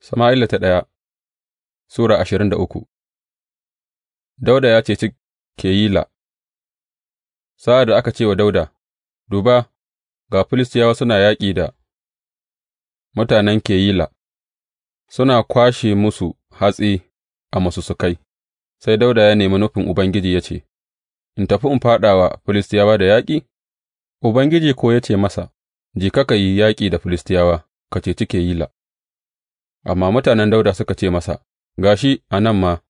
Sama'ila ta ɗaya Sura ashirin da uku Dauda ya ceci Keyila Sa'ad da aka ce wa Dauda, Duba, ga Filistiyawa suna yaƙi da mutanen Keyila, suna kwashe musu hatsi a masussukai, sai Dauda ya nemi nufin Ubangiji ya ce, In tafi in faɗa wa Filistiyawa da yaƙi? Ubangiji ko ya ce masa, Ji kaka yi yaƙi da Filistiyawa, ka ceci Keyila. Amma mutanen Dawuda suka ce masa, Ga shi, a nan ma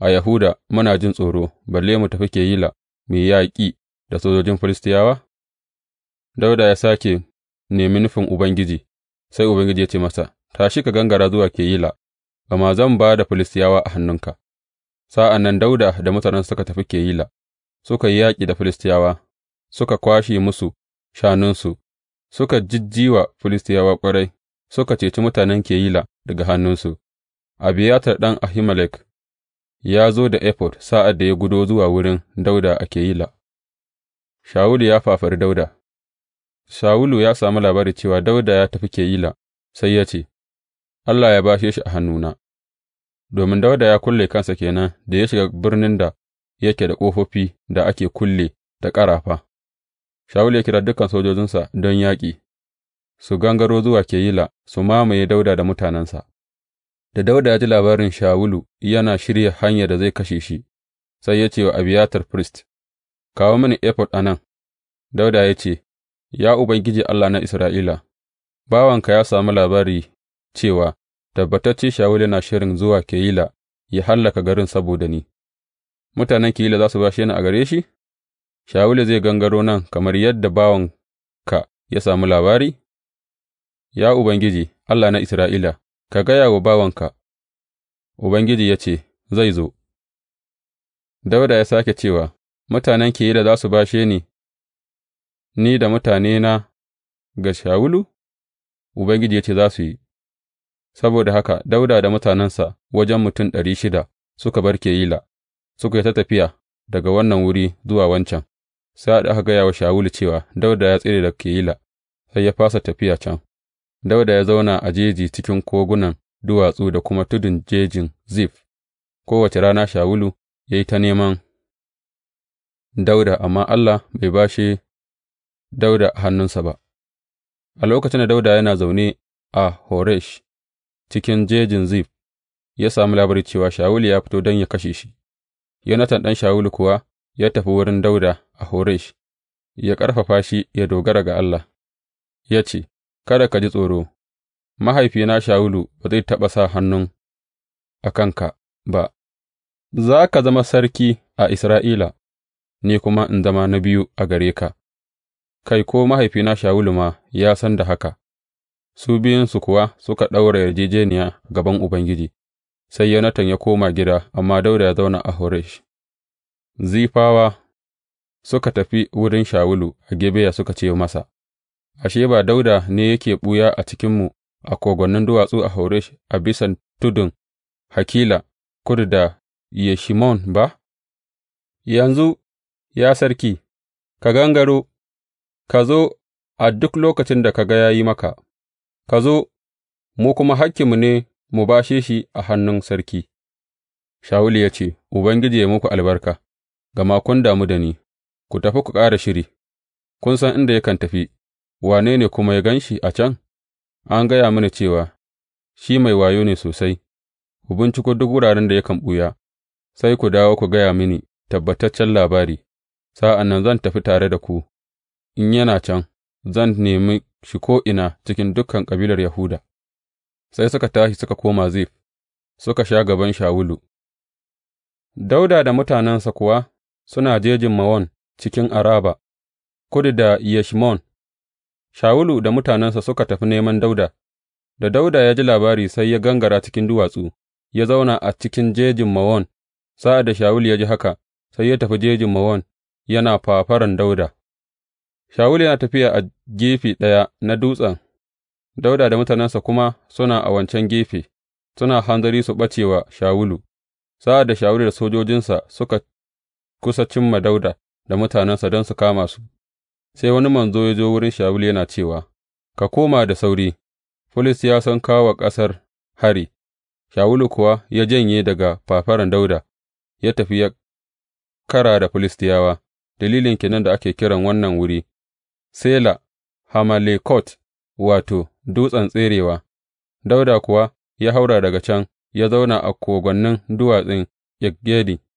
a Yahuda muna jin tsoro, balle mu tafi Keyila mu yi yaƙi da sojojin Filistiyawa? Dawuda ya sake nemi nufin Ubangiji, sai Ubangiji ya ce masa, Tashi ka gangara zuwa Keyila, amma zan ba da Filistiyawa a hannunka. Sa'an nan Dawuda da mutanen suka tafi Keyila, suka yi yaƙi da Filistiyawa, suka kwashe musu shanunsu, suka jijji wa Filistiyawa ƙwarai. suka ceci mutanen Keyila daga hannunsu, Abiyatar ɗan Ahimelek ya zo da efod sa'ad da ya gudo zuwa wurin Dauda a Keyila. Shawulu ya fafari Dauda. Shawulu ya sami labari cewa Dauda ya tafi Keyila, sai ya ce, Allah ya bashe shi a hannuna, domin Dauda ya kulle kansa kenan da ya shiga birnin da yake da ƙofofi da ake kulle da ƙarafa. Shawulu ya kira dukan sojojinsa don yaƙi, su gangaro zuwa Keyila su mamaye Dawuda da mutanensa. Da Dawuda ya ji labarin Shawulu yana shirya hanyar da zai kashe shi, sai ya ce wa Abiyatar firist, Kawo mini efod a nan, Dawuda ya ce, Ya Ubangiji Allah na Isra'ila, bawanka ya sami labari cewa tabbatacce Shawulu yana shirin zuwa Keyila ya hallaka garin saboda ni, mutanen Keyila za su bashe ni a gare shi? Shawulu zai gangaro nan kamar yadda bawanka ya sami labari? Ya Ubangiji, Allah na Isra'ila, ka gaya wa bawanka, Ubangiji ya ce, Zai zo. Dauda ya sake cewa, Mutanen ke da za su bashe ni, ni da na ga Shawulu? Ubangiji ya ce za su yi, saboda haka Dauda da mutanensa wajen mutum ɗari shida suka bar Keyila, suka yi ta tafiya daga wannan wuri zuwa wancan, sai aka gaya wa Shawulu cewa Dauda ya tsere da Keyila, sai ya fasa tafiya can. Dawuda ya zauna a jeji cikin kogunan duwatsu da kuma tudun jejin Zif, kowace rana Shawulu ya yi ta neman Dawuda, amma Allah bai bashe Dawuda a hannunsa ba. A lokacin da Dawuda yana zaune a Horesh cikin jejin Zif, ya sami labari cewa Shawulu ya fito don ya kashe shi, Yonatan ɗan Shawulu kuwa ya tafi wurin Dawuda a Horesh, ya ƙarfafa shi ya dogara ga Allah, ya ce. Kada ka ji tsoro, mahaifina Shawulu ba zai taɓa sa hannu a kanka ba, za ka zama sarki a Isra'ila, ni kuma in zama na biyu a gare ka, kai, ko mahaifina Shawulu ma ya san da haka, su biyunsu kuwa suka ɗaura yarjejeniya gaban Ubangiji, sai Yonatan ya koma gida, amma Dauda ya zauna a Horesh. Zifawa suka tafi wurin Shawulu a gebeya suka ce masa. Ashe, ba Dawuda ne yake ɓuya a cikinmu a kogwannin duwatsu a Horesh a bisan tudun Hakila, kudu da Yeshimon ba? Yanzu, ya sarki, ka gangaro, ka zo a duk lokacin da ka ga ya yi maka, ka zo, mu kuma hakkinmu ne mu bashe shi a hannun sarki. Shawulu ya ce, Ubangiji ya muku albarka, gama kun damu da ni, ku tafi ku ƙara shiri, kun san inda yakan tafi. Wane ne kuma ya gan shi a can, an gaya mini cewa shi mai wayo ne sosai, ku binciko duk wuraren da yakan ɓuya, sai ku dawo ku gaya mini tabbataccen labari, sa'an nan zan tafi tare da ku, in yana can, zan nemi shi ko'ina cikin dukan kabilar Yahuda. Sai suka tashi suka koma Zif, suka sha gaban Shawulu. Dauda da mutanensa kuwa suna jejin Mawon cikin Araba, kudu da Yeshimon. Shawulu da mutanensa suka tafi neman Dawuda, da Dawuda ya ji labari sai ya gangara cikin duwatsu ya zauna a cikin jejin Mawon, sa'ad da Shawulu ya ji haka, sai ya tafi jejin Mawon yana fafaran Dawuda. Shawulu yana tafiya a gefe ɗaya na dutsen, Dawuda da mutanensa kuma suna a wancan gefe, suna hanzari su ɓace wa Shawulu, sa'ad da Shawulu da sojojinsa suka kusa cimma Dawuda da mutanensa don su kama su. Sai wani manzo ya zo wurin Shawulu yana cewa, Ka koma da sauri, Filistiyawa sun kawo wa ƙasar hari, Shawulu kuwa ya janye daga fafaran Dauda. ya tafi ya kara da Filistiyawa, dalilin kinan da ake kiran wannan wuri Sela Hamalekot, wato, Dutsen Tserewa, Dauda kuwa ya haura daga can ya zauna a kogwannin duwatsun En